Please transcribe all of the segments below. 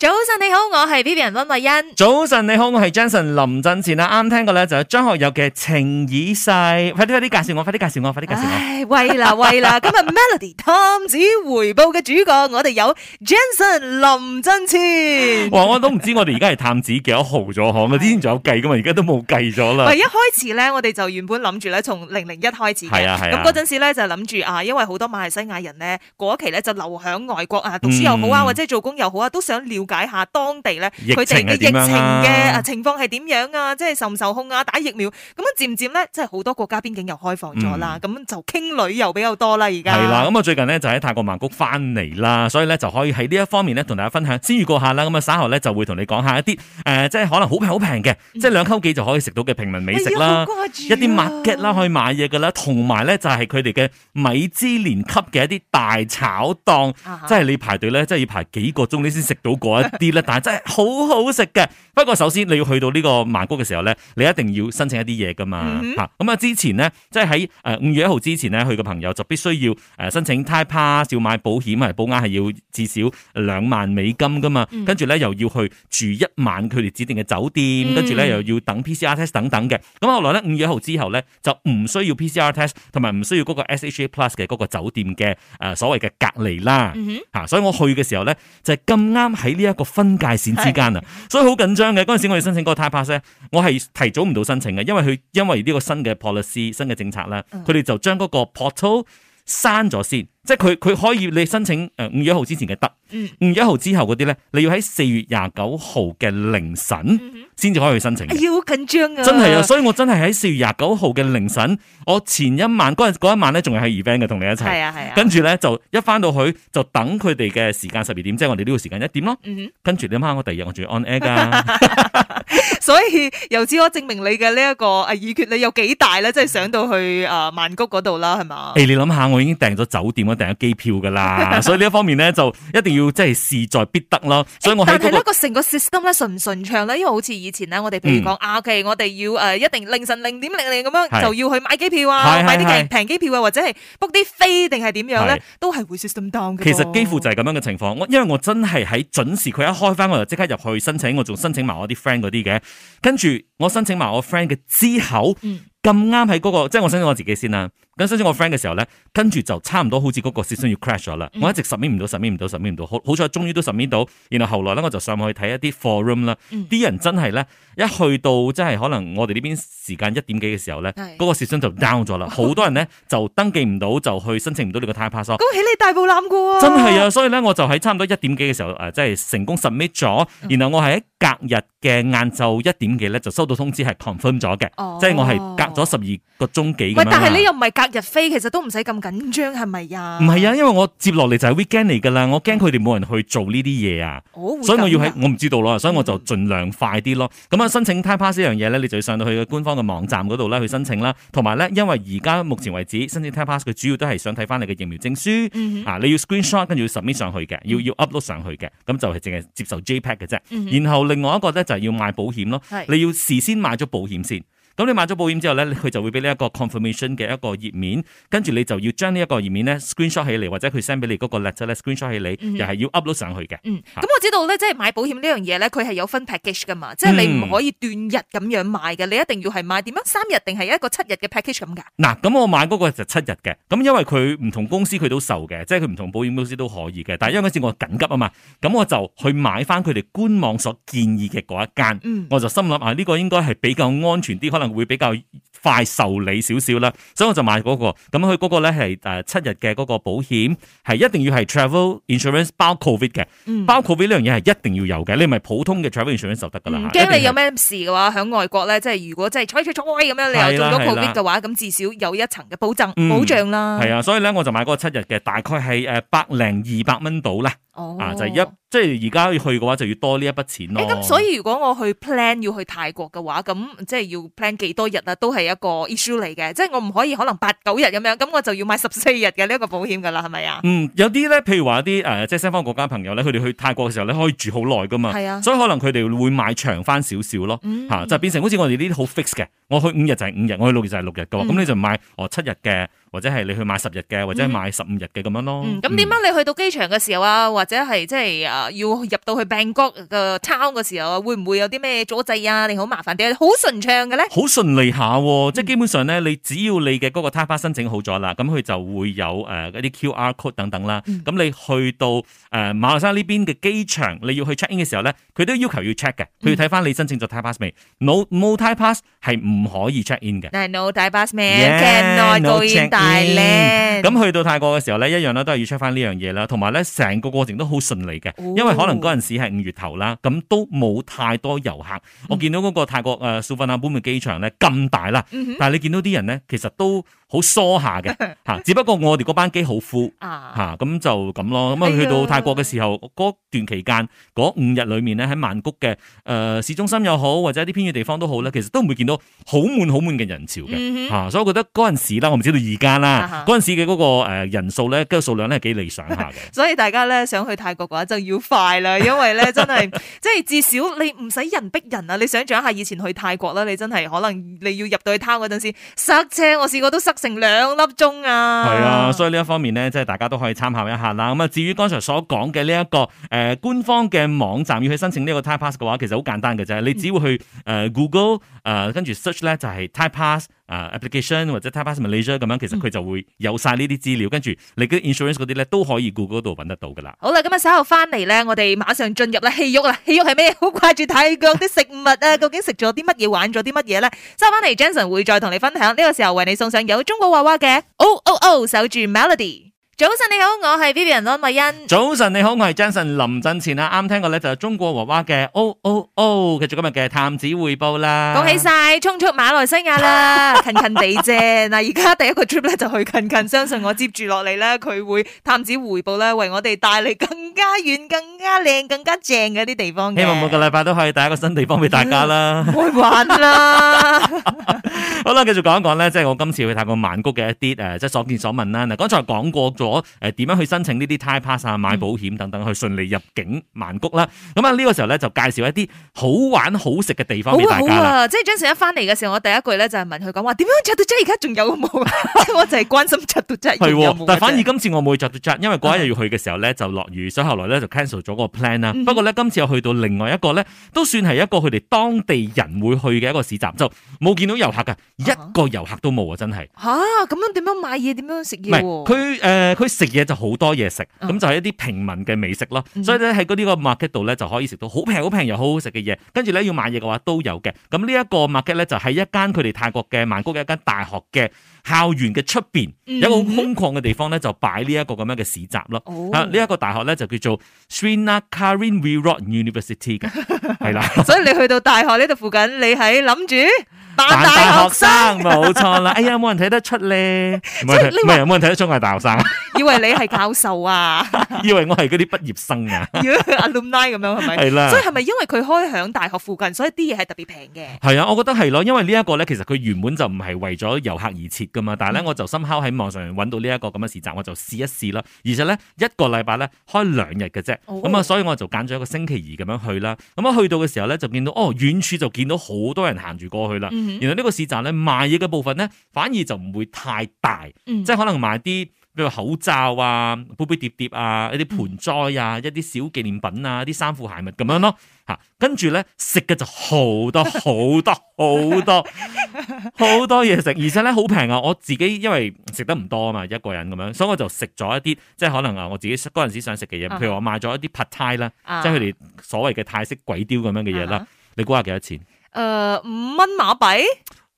早晨你好，我係 Vivian 溫慧欣。早晨你好，我係 Jentzen 林振前啦。啱聽過咧就張學友嘅情已逝，快啲快啲介紹我，快啲介紹我，快啲介紹我。喂啦喂啦， 今日 Melody 探子回報嘅主角，我哋有 Jentzen 林振前。哇，我都唔知我哋而家係探子幾多號咗行嘅， 之前仲有計噶嘛，而家都冇計咗啦。唔係 一開始咧，我哋就原本諗住咧，從零零一開始嘅，係啊係啊。咁嗰陣時咧就諗住啊，因為好多馬來西亞人呢，嗰期咧就留響外國啊，讀書又好啊，或者做工又好啊，都想了解。解下當地咧，佢哋嘅疫情嘅啊情，情況係點樣啊？即係受唔受控啊？打疫苗咁樣漸漸咧，即係好多國家邊境又開放咗啦。咁、嗯、就傾旅遊比較多啦。而家係啦，咁、嗯、啊最近呢，就喺泰國曼谷翻嚟啦，所以咧就可以喺呢一方面咧同大家分享。先預告下啦，咁啊稍學稍後咧就會同你講下一啲誒、呃，即係可能好平好平嘅，嗯、即係兩溝幾就可以食到嘅平民美食啦。哎啊、一啲 market 啦，可以買嘢嘅啦，同埋咧就係佢哋嘅米芝蓮級嘅一啲大炒檔，即係、啊、哈 你排隊咧，即係要排幾個鐘你先食到個。啲啦，但係真係好好食嘅。不過首先你要去到呢個曼谷嘅時候咧，你一定要申請一啲嘢噶嘛。吓、嗯，咁啊之前咧，即係喺誒五月一號之前咧，去嘅朋友就必須要誒申請 Type Pass，要買保險，係保額係要至少兩萬美金噶嘛。跟住咧又要去住一晚佢哋指定嘅酒店，跟住咧又要等 PCR test 等等嘅。咁、啊、後來咧五月一號之後咧，就唔需要 PCR test，同埋唔需要嗰個 SHA Plus 嘅嗰個酒店嘅誒、呃、所謂嘅隔離啦。吓、啊，所以我去嘅時候咧就係咁啱喺呢一。一個分界線之間啊， 所以好緊張嘅。嗰陣時我哋申請個 type pass，我係提早唔到申請嘅，因為佢因為呢個新嘅 policy 新嘅政策咧，佢哋就將個 portal 刪咗先。即係佢佢可以你申請誒五月一號之前嘅得，五、嗯、月一號之後嗰啲咧，你要喺四月廿九號嘅凌晨先至可以去申請。哎喲緊張啊！真係啊！所以我真係喺四月廿九號嘅凌晨，我前一晚嗰日嗰一晚咧，仲係喺 event 嘅同你一齊。跟住咧、啊啊、就一翻到去就等佢哋嘅時間十二點，即、就、係、是、我哋呢個時間一點咯。嗯、跟住你諗下，我第二日我仲要 on air 所以由此我證明你嘅呢一個誒意決，你有幾大咧？即係上到去誒曼、呃、谷嗰度啦，係嘛？誒，hey, 你諗下，我已經訂咗酒店。我訂咗機票噶啦， 所以呢一方面咧就一定要即係勢在必得咯。欸、所以我、那個，我但呢係呢個成個 system 咧，順唔順暢咧？因為好似以前咧，嗯啊、okay，我哋譬如講，OK 我哋要誒、呃，一定凌晨零點零零咁樣是 就要去買機票啊，是是是是買啲平機票啊，或者是是係 book 啲飛定係點樣咧，都係會 system down 嘅。其實幾乎就係咁樣嘅情況。我因為我真係喺準時，佢一開翻我就即刻入去申請，我仲申請埋我啲 friend 嗰啲嘅。跟住我申請埋我 friend 嘅之後，咁啱喺嗰個，即係我申請我自己先啦。跟新先我 friend 嘅時候咧，跟住就差唔多好似嗰個 system 要 crash 咗啦。嗯、我一直 submit 唔到，submit 唔到，submit 唔到，好好彩終於都 submit 到。然後後來咧，我就上網去睇一啲 forum 啦，嗯，啲人真係咧一去到，即係可能我哋呢邊時間一點幾嘅時候咧，嗰，嗯，個 system 就 down 咗啦。好，嗯，多人咧就登記唔到，就去申請唔到呢個 time pass，嗯。恭喜你大步攬過啊？真係啊！所以咧，我就喺差唔多一點幾嘅時候誒，即，呃，係，就是，成功 submit 咗。然後我係喺隔日嘅晏晝一點幾咧，就收到通知係 confirm 咗嘅。哦，即係我係隔咗十二個鐘幾喂但係你又唔係？隔日飛其實都唔使咁緊張，係咪呀？唔係啊，因為我接落嚟就係 weekend 嚟噶啦，我驚佢哋冇人去做呢啲嘢啊，哦、所以我要喺……我唔知道咯，所以我就盡量快啲咯。咁啊、嗯，申請 type pass 呢樣嘢咧，你就要上到去官方嘅網站嗰度咧去申請啦。同埋咧，因為而家目前為止、嗯、申請 type pass 佢主要都係想睇翻你嘅疫苗證書、嗯、哼啊，你要 screen shot 跟住要 submit 上去嘅，要要 upload 上去嘅，咁就係淨係接受 JPEG 嘅啫。嗯、哼然後另外一個咧就係要買保險咯，你要事先買咗保險是是先。咁你買咗保險之後咧，佢就會俾呢一個 confirmation 嘅一個頁面，跟住你就要將呢一個頁面咧 screen shot 起嚟，或者佢 send 俾你嗰個 letter 咧 screen shot 起嚟，又係要 upload 上，上去嘅、嗯。嗯，咁、嗯、我知道咧，即、就、係、是、買保險配配呢樣嘢咧，佢係有分 package 噶嘛，即係你唔可以斷日咁樣買嘅，你一定要係買點樣三日定係一個七日嘅 package 咁㗎。嗱 verses，咁我買嗰個就七日嘅，咁因為佢唔同公司佢都受嘅，即係佢唔同保險公司都可以嘅，但係因為嗰陣我緊急啊嘛，咁我就去買翻佢哋官網所建議嘅嗰一間，嗯、我就心諗啊，呢個應該係比較安全啲。可能會比較快受理少少啦，所以我就買嗰、那個。咁佢嗰個咧係誒七日嘅嗰個保險係一定要係 travel insurance 包 covid 嘅，嗯、包 covid 呢樣嘢係一定要有嘅，你咪普通嘅 travel insurance 就得噶啦。驚、嗯、你有咩事嘅話，響外國咧，即係如果即係吹吹吹咁樣，你中咗 covid 嘅話，咁至少有一層嘅保證保障啦。係啊、嗯，所以咧我就買嗰個七日嘅，大概係誒百零二百蚊到啦。就啊、是、一即係而家去嘅話就要多呢一筆錢咯。咁、欸、所以如果我去 plan 要去泰國嘅話，咁即係要 plan。幾多日啊？都係一個 issue 嚟嘅，即係我唔可以可能八九日咁樣，咁我就要買十四日嘅呢一個保險噶啦，係咪啊？嗯，有啲咧，譬如話啲誒，即係西方國家朋友咧，佢哋去泰國嘅時候咧，可以住好耐噶嘛，係啊，所以可能佢哋會買長翻少少咯，吓、嗯嗯啊、就變成好似我哋呢啲好 fix 嘅，我去五日就係五日，我去六日就係六日噶，咁、嗯、你就買哦七日嘅。呃或者係你去買十日嘅，或者買十五日嘅咁樣咯。咁點解你去到機場嘅時候啊，或者係即係啊，要入到去 Bangkok 嘅 town 嘅時候啊，會唔會有啲咩阻滯啊？你好麻煩定係好順暢嘅咧？好順利下，即係基本上咧，你只要你嘅嗰個 type pass 申請好咗啦，咁佢就會有誒一啲 QR code 等等啦。咁你去到誒馬來西亞呢邊嘅機場，你要去 check in 嘅時候咧，佢都要求要 check 嘅，佢要睇翻你申請咗 type pass 未。No type pass 係唔可以 check in 嘅。No type pass man, cannot do in 係咁、嗯嗯、去到泰國嘅時候呢，一樣呢都係要 check 翻呢樣嘢啦，同埋呢，成個過程都好順利嘅，哦、因為可能嗰陣時係五月頭啦，咁都冇太多遊客。嗯、我見到嗰個泰國誒素萬那普嘅機場呢，咁大啦，但係你見到啲人呢，其實都好疏下嘅吓， 只不過我哋嗰班機好 full 啊吓，咁就咁咯。咁啊去到泰國嘅時候，嗰、哎、呦段期間嗰五日裏面咧，喺曼谷嘅誒、呃、市中心又好，或者一啲偏遠地方都好咧，其實都唔會見到好滿好滿嘅人潮嘅嚇、嗯哼啊。所以我覺得嗰陣時啦，我唔知道而家啦，嗰陣時嘅嗰個誒人數咧，嗰、嗰個數量咧幾理想下嘅、啊。所以大家咧想去泰國嘅話就要快啦，因為咧 真係即係至少你唔使人逼人啊！你想象一下以前去泰國啦，你真係可能你要入到去攤嗰陣時塞車，我試過都塞。成兩粒鐘啊！係啊，所以呢一方面咧，即係大家都可以參考一下啦。咁啊，至於剛才所講嘅呢一個誒、呃、官方嘅網站，要去申請呢一個 Thailand Pass 嘅話，其實好簡單嘅啫，嗯、你只要去誒、呃、Google 誒、呃、跟住 search 咧，就係、是、Thailand Pass。啊、uh,，application 或者 type of permission 咁樣，其實佢就會有晒呢啲資料，跟住你啲 insurance 嗰啲咧都可以 Google 度揾得到噶啦。好啦，今日稍後翻嚟咧，我哋馬上進入啦，戲肉啦，戲肉係咩？好掛住睇腳啲食物啊， 究竟食咗啲乜嘢，玩咗啲乜嘢咧？收翻嚟 Jentzen 會再同你分享。呢、這個時候為你送上有中國娃娃嘅，哦哦哦，o, 守住 Melody。早晨你好，我係 Vivian 安慧欣。早晨你好，我係 Jentzen 林振前啊！啱聽過咧就係中國娃娃嘅 O O O，繼續今日嘅探子匯報啦。講起晒衝出馬來西亞啦，近近地啫嗱，而家第一個 trip 咧就去近近，相信我接住落嚟咧，佢會探子匯報咧，為我哋帶嚟更加遠、更加靚、更加正嘅一啲地方。希望每個禮拜都可以帶一個新地方俾大家啦，會玩啦！好啦，繼續講一講咧，即係我今次去泰國曼谷嘅一啲誒，即係所見所聞啦。嗱，剛才講過咗。我誒點樣去申請呢啲 Thai Pass 啊、買保險等等，去順利入境曼谷啦。咁啊，呢個時候咧就介紹一啲好玩好食嘅地方俾大家好、啊好啊、即係 Jentzen 一翻嚟嘅時候，我第一句咧就係、是、問佢講話點樣扎到扎，而家仲有冇？ 我就係關心扎到扎仲有冇？係但係反而今次我冇扎到扎， 因為嗰日要去嘅時候咧就落雨，所以後來咧就 cancel 咗個 plan 啦、嗯哼。不過咧今次我去到另外一個咧，都算係一個佢哋當地人會去嘅一個市集，就冇見到遊客㗎， 一個遊客都冇啊！真係嚇咁樣點樣買嘢？點樣食嘢、啊？唔係佢誒。佢食嘢就好多嘢食，咁就係一啲平民嘅美食咯。所以咧喺嗰啲個 market 度咧就可以食到好平好平又好好食嘅嘢。跟住咧要買嘢嘅話都有嘅。咁呢一個 market 咧就喺一間佢哋泰國嘅曼谷嘅一間大學嘅校園嘅出邊，有個空曠嘅地方咧就擺呢一個咁樣嘅市集咯。啊、哦，呢一個大學咧就叫做 Srinakharinwirot University 嘅，係啦。所以你去到大學呢度附近，你喺諗住？大學生冇錯啦！哎呀，冇人睇得出咧，唔係冇人睇得出我係大學生。以為你係教授啊？ 以為我係嗰啲畢業生啊 ？Alumni 咁樣係咪？係啦。的所以係咪因為佢開響大學附近，所以啲嘢係特別平嘅？係啊，我覺得係咯，因為呢一個咧，其實佢原本就唔係為咗遊客而設噶嘛。但係咧，嗯、我就深敲喺網上揾到呢一個咁嘅市集，我就試一試啦。而且咧，一個禮拜咧開兩日嘅啫。咁啊、哦嗯，所以我就揀咗一個星期二咁樣去啦。咁啊，去到嘅時候咧，就見到哦，遠處就見到好多人行住過去啦。嗯然後呢個市集咧，賣嘢嘅部分咧，反而就唔會太大，嗯、即係可能賣啲譬如口罩啊、杯杯碟、碟碟啊、一啲盆栽啊、一啲小紀念品啊、啲衫褲鞋物咁樣咯，吓，跟住咧食嘅就好多好 多好多好 多嘢食，而且咧好平啊！我自己因為食得唔多啊嘛，一個人咁樣，所以我就食咗一啲即係可能啊，我自己嗰陣時想食嘅嘢，譬、uh huh. 如我買咗一啲 Pad Thai 啦，即係佢哋所謂嘅泰式鬼雕咁樣嘅嘢啦，你估下幾多錢？誒，五，uh, 蚊馬幣，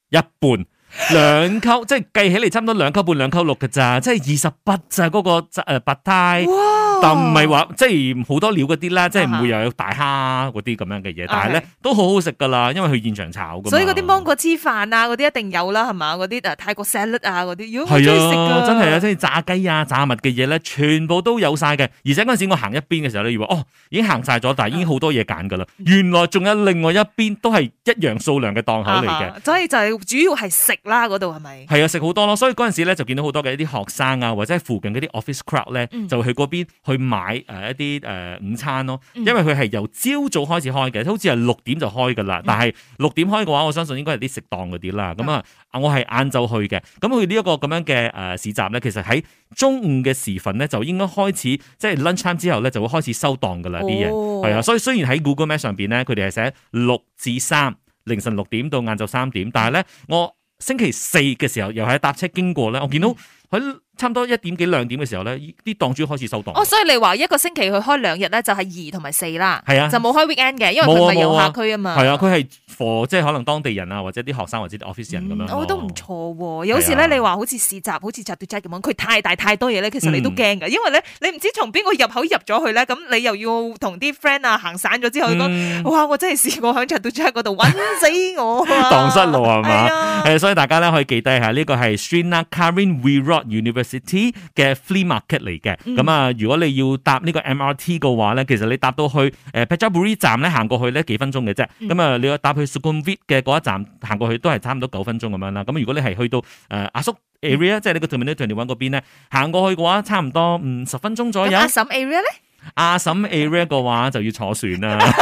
一半。兩扣 即係計起嚟，差唔多兩扣半、兩扣六嘅咋，即係二十八咋嗰個誒白胎。哇但唔係話即係好多料嗰啲啦，即係唔會又有大蝦嗰啲咁樣嘅嘢。但係咧都好好食噶啦，因為佢現場炒。所以嗰啲芒果芝飯啊，嗰啲一定有啦，係嘛？嗰啲誒泰國 salad 啊，嗰啲如果係啊，真係啊，即係炸雞啊、炸物嘅嘢咧，全部都有晒嘅。而且嗰陣時我行一邊嘅時候咧，以為哦已經行晒咗，但係已經好多嘢揀噶啦。原來仲有另外一邊都係一樣數量嘅檔口嚟嘅。啊、哈所以就係主要係食。啦嗰度係咪？係啊，食好多咯，所以嗰陣時咧就見到好多嘅一啲學生啊，或者係附近嗰啲 office crowd 咧，嗯、就去嗰邊去買誒一啲誒、呃、午餐咯。嗯、因為佢係由朝早開始開嘅，好似係六點就開噶啦。但係六點開嘅話，我相信應該係啲食檔嗰啲啦。咁啊、嗯嗯嗯，我係晏晝去嘅。咁佢、呃、呢一個咁樣嘅誒市集咧，其實喺中午嘅時分咧就應該開始，即係 lunch time 之後咧就會開始收檔噶啦啲嘢。係啊、哦，所以雖然喺 Google Map 上邊咧，佢哋係寫六至三，凌晨六點到晏晝三點，但係咧我。星期四嘅時候，又係搭車經過咧，我見到。佢差唔多一點幾兩點嘅時候咧，啲檔主開始收檔。哦，所以你話一個星期佢開兩日咧，就係二同埋四啦。係啊，就冇開 weekend 嘅，因為佢係遊客區啊嘛。係啊，佢係 for 即係可能當地人啊，或者啲學生或者 office 人咁樣。哦，都唔錯喎。有時咧，你話好似市集，好似扎堆扎咁樣，佢太大太多嘢咧，其實你都驚㗎，因為咧你唔知從邊個入口入咗去咧，咁你又要同啲 friend 啊行散咗之後，哇！我真係試過喺扎堆扎嗰度揾死我，蕩失路係嘛？所以大家咧可以記低下呢個係 University 嘅 flea market 嚟嘅，咁啊，如果你要搭呢個 MRT 嘅話咧，其、呃、實你搭到去誒 Petra Buri 站咧，行、嗯、過去咧幾分鐘嘅啫。咁啊，你要搭去 Sukhumvit 嘅嗰一站行過去都係差唔多九分鐘咁樣啦。咁如果你係去到誒亞宿 area，即係呢個對面呢條條灣嗰邊咧，行過去嘅話，差唔多五十、嗯、分鐘左右。咁亞宿 area 咧？阿嬸 area 嘅話就要坐船啦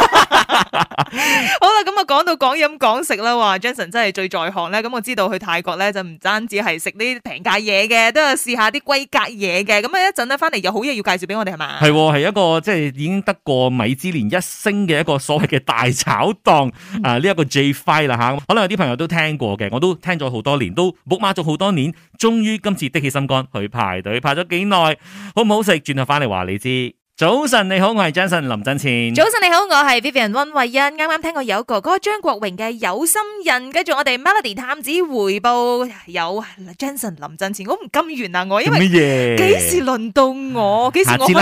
好、嗯、啦，咁啊講到講飲講食啦，Jentzen 真係最在行咧。咁、嗯、我知道去泰國咧就唔單止係食呢啲平價嘢嘅，都有試下啲規格嘢嘅。咁啊一陣咧翻嚟有好嘢要介紹俾我哋係嘛？係係 一個即係已經得過米芝蓮一星嘅一個所謂嘅大炒檔、嗯、啊！呢、這、一個 Jay Fai 啦吓，可能有啲朋友都聽過嘅，我都聽咗好多年，都 bookmark 咗好多年，終於今次的起心肝去排隊，排咗幾耐，好唔好食？轉頭翻嚟話你知。 早晨，你好，我係 Jentzen 林振前。早晨，你好，我係 Vivian 溫慧欣。啱啱聽過有哥哥張國榮嘅有心人，跟住我哋 Melody 探子回報有 Jentzen 林振前，我唔甘願啊我，因為幾時輪到我？幾時、嗯、馬六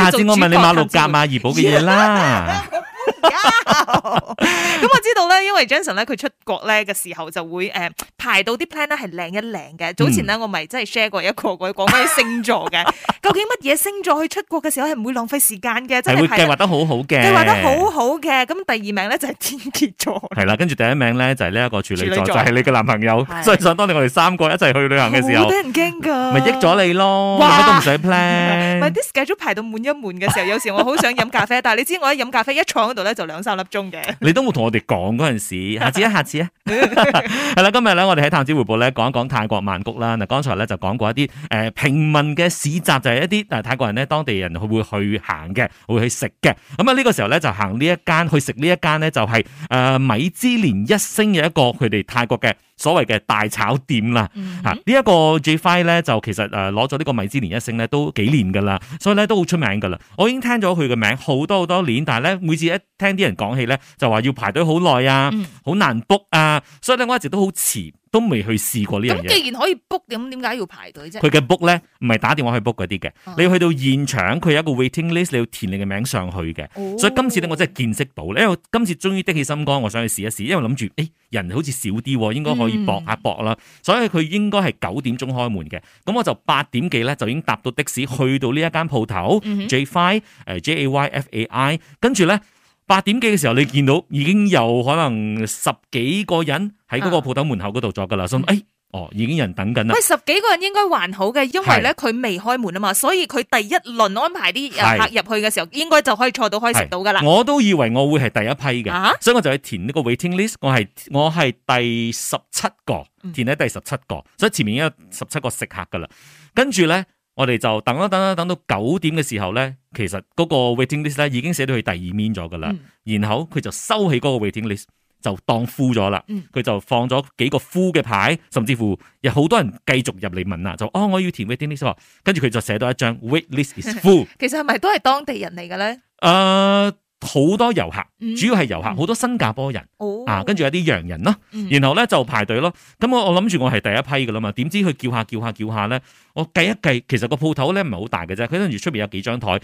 甲主播級嘅嘢啦？ 咁、 嗯、我知道咧，因為 Jason 咧佢出國咧嘅時候就會誒排到啲 plan 咧係靚一靚嘅。早前咧我咪真係 share 過一個佢講咩星座嘅，究竟乜嘢星座去出國嘅時候係唔會浪費時間嘅？即係計劃得好好嘅，計劃得好好嘅。咁第二名咧就係天蠍座，係啦。跟住第一名咧就係呢一個處女座，理座就係你嘅男朋友。的所以想當年我哋三個一齊去旅行嘅時候，好俾 人驚噶，咪益咗你咯，乜哇都唔使 plan，咪啲 schedule 排到滿一滿嘅時候，有時我好想飲咖啡，但係你知我一飲咖啡一闖。就兩三粒鐘嘅， 你都冇同我哋講嗰陣時，下次啊，下次啊，係啦 今日咧我哋喺探子回報咧講一講泰國曼谷啦，嗱，剛才咧就講過一啲誒平民嘅市集，就係、是、一啲誒泰國人咧當地人佢會去行嘅，會去食嘅，咁啊呢個時候咧就行呢一間去食呢一間咧就係、是、誒、呃、米芝蓮一星嘅一個佢哋泰國嘅。所謂嘅大炒店啦，嚇呢一個 Jay Fai 咧就其實誒攞咗呢個米芝蓮一星咧都幾年噶啦，所以咧都好出名噶啦。我已經聽咗佢嘅名好多好多年，但係咧每次一聽啲人講起咧，就話要排隊好耐啊，好、mm hmm。難 book 啊，所以咧我一直都好遲。都未去試過呢樣嘢。既然可以 book，咁點解要排隊啫？佢嘅 book 呢，唔係打電話去 book 嗰啲嘅。哦、你要去到現場，佢有一個 waiting list，你要填你嘅名上去嘅。哦、所以今次呢，我真係見識到，因為今次終於的起心肝，我想去試一試，因為諗住誒人好似少啲，應該可以搏一下搏啦。嗯、所以佢應該係九點鐘開門嘅，咁我就八點幾呢，就已經搭到的士去到呢一間鋪頭 Jay Fai 誒、呃、J A Y F A I 跟住呢。八點幾嘅時候，你見到已經有可能十幾個人喺嗰個鋪頭門口嗰度咗噶啦，咁誒、啊哎，哦，已經有人等緊啦。喂，十幾個人應該還好嘅，因為咧佢未開門啊嘛，所以佢第一輪安排啲客入去嘅時候，是應該就可以坐到，可以到，可以食到噶啦。我都以為我會係第一批嘅。啊、所以我就去填呢個 waiting list，我係我係第十七個，填喺第十七個，嗯、所以前面已經有十七個食客噶啦，跟住咧。我哋就等啊等啊等到九點嘅時候咧，其實嗰個 waiting list 咧已經寫到去第二面咗噶啦，嗯、然後佢就收起嗰個 waiting list 就當 full 咗啦，佢、嗯、就放咗幾個 full 嘅牌，甚至乎有好多人繼續入嚟問啊，就哦我要填 waiting list，跟住佢就寫到一張 Wait list is full， 其實係咪都係當地人嚟嘅咧？Uh, 好多遊客，主要係遊客，好多新加坡人，哦、啊，跟住有啲洋人咯，然後咧就排隊咯。咁、嗯、我我諗住我係第一批噶啦嘛，點知佢叫下叫下叫下咧，我計一計，其實個鋪頭咧唔係好大嘅啫，佢跟住出邊有幾張台，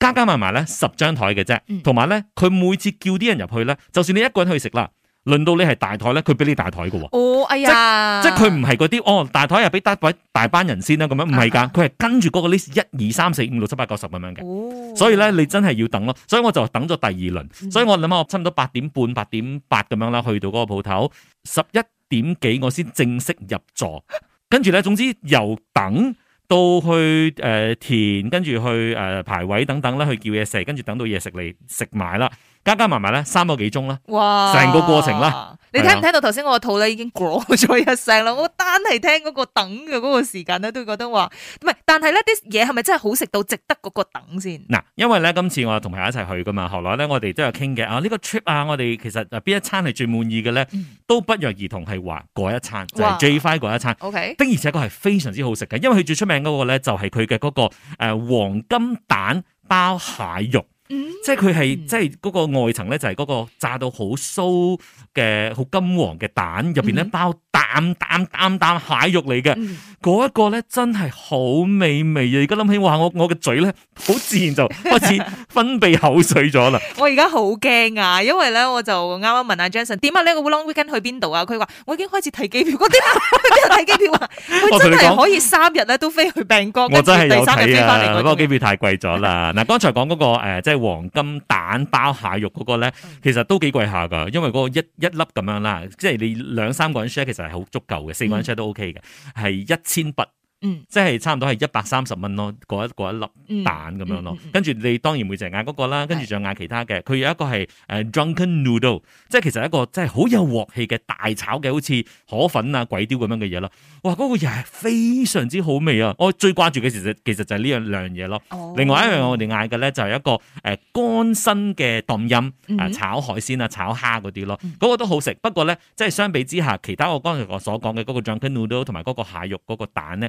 加加埋埋咧十張台嘅啫，同埋咧佢每次叫啲人入去咧，就算你一個人去食啦。輪到你係大台咧，佢俾你大台㗎喎。哦，哎呀，即係佢唔係嗰啲哦，大台又俾多位大班人先啦，咁樣唔係噶，佢係、啊啊、跟住嗰個 list 一二三四五六七八九十咁樣嘅。所以咧你真係要等咯，所以我就等咗第二輪，所以我諗下我差唔多八點半、八點八咁樣啦，去到嗰個鋪頭，十一點幾我先正式入座，跟住咧總之由等到去誒、呃、填，跟住去誒、呃、排位等等啦，去叫嘢食，跟住等到嘢食嚟食埋啦。加加埋埋咧三個幾鐘啦，哇！成個過程啦，你聽唔聽到頭先我個肚咧已經過咗一聲啦，我單係聽嗰個等嘅嗰個時間咧都會覺得話唔係，但係咧啲嘢係咪真係好食到值得嗰個等先？嗱，因為咧今次我同朋友一齊去噶嘛，後來咧我哋都有傾嘅啊，呢個 trip 啊，我哋其實邊一餐係最滿意嘅咧，都不約而同係話嗰一餐就係最快嗰一餐。OK，的而且確係非常之好食嘅，因為佢最出名嗰個咧就係佢嘅嗰個誒黃金蛋包蟹肉。 嗯、即係佢係，即係嗰個外層咧就係嗰個炸到好酥嘅好金黃嘅蛋，入邊咧包啖啖啖啖蟹肉嚟嘅。嗰、嗯、一個咧真係好美味啊！而家諗起，哇，我我嘅嘴咧好自然就開始分泌口水咗啦。 我而家好驚啊，因為咧我就啱啱問阿 Jentzen，點解呢個 long weekend 去邊度啊？佢話、啊、我已經開始提機票， 我點啊？ 我睇機票，佢真係可以三日咧都飛去冰島， 我真有啊、跟住第三日飛翻嚟、啊。嗰個機票太貴咗啦！嗱、 那個，剛才講嗰個誒，即係。黃金蛋包蟹肉嗰個咧，其實都幾貴下㗎，因為嗰一一粒咁樣啦，即係你兩三個人 share 其實係好足夠嘅，四個人 share 都 OK 嘅，係、嗯、一千八。嗯、即係差唔多係一百三十蚊咯，嗰一一粒蛋咁樣咯，嗯嗯嗯、跟住你當然會淨嗌嗰個啦，跟住再嗌其他嘅，佢是有一個係誒 drunken noodle，即係其實一個真係好有鑊氣嘅大炒嘅，好似河粉啊、鬼雕咁樣嘅嘢咯。哇，嗰、嗰個嘢係非常之好味啊！我最關注嘅其實其實就係呢樣靚嘢咯。哦、另外一樣我哋嗌嘅咧就係、是、一個誒乾、呃、身嘅冬蔭啊，炒海鮮啊、炒蝦嗰啲咯，嗰、嗯、個都好食。不過咧，即係相比之下，其他我剛才我所講嘅嗰個 drunken noodle 同埋嗰個蟹肉嗰個蛋咧。呢呢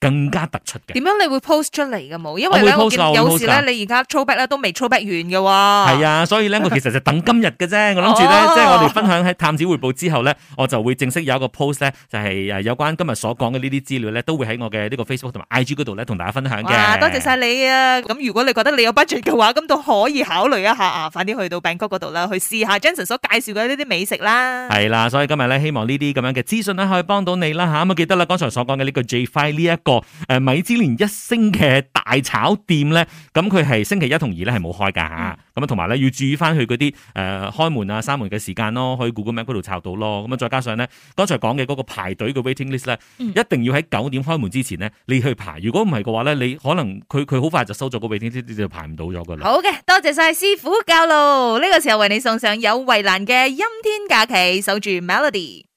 更加突出嘅點樣你會 post 出嚟嘅冇？因為咧，我有時咧，你而家操筆咧都未操筆完嘅。係啊，啊、所以咧，我其實就等今日嘅啫。我諗住咧，即係我哋分享喺探子回報之後咧，我就會正式有一個 post 咧，就係誒有關今日所講嘅呢啲資料咧，都會喺我嘅呢個 Facebook 同埋 IG 嗰度咧，同大家分享嘅。多謝晒你啊！咁如果你覺得你有 budget 嘅話，咁都可以考慮一下啊！快啲去到 Bangkok 嗰度啦，去試下 Jentzen 所介紹嘅呢啲美食啦。係啦，所以今日咧，希望呢啲咁樣嘅資訊咧，可以幫到你啦吓。咁啊，記得啦，剛才所講嘅呢個 J5 呢、這、一、個。個誒，米芝蓮一星嘅大炒店咧，咁佢係星期一、同二咧係冇開噶吓，咁啊，同埋咧要注意翻佢嗰啲誒開門啊、閂門嘅時間咯，可以 google map 嗰度查到咯，咁啊，再加上咧剛才講嘅嗰個排隊嘅 waiting list 咧、嗯，一定要喺九點開門之前呢，你去排，如果唔係嘅話咧，你可能佢佢好快就收咗個 waiting list，就排唔到咗噶啦。好嘅，多謝晒師傅教路，呢、呢個時候為你送上有圍欄嘅陰天假期，守住 melody。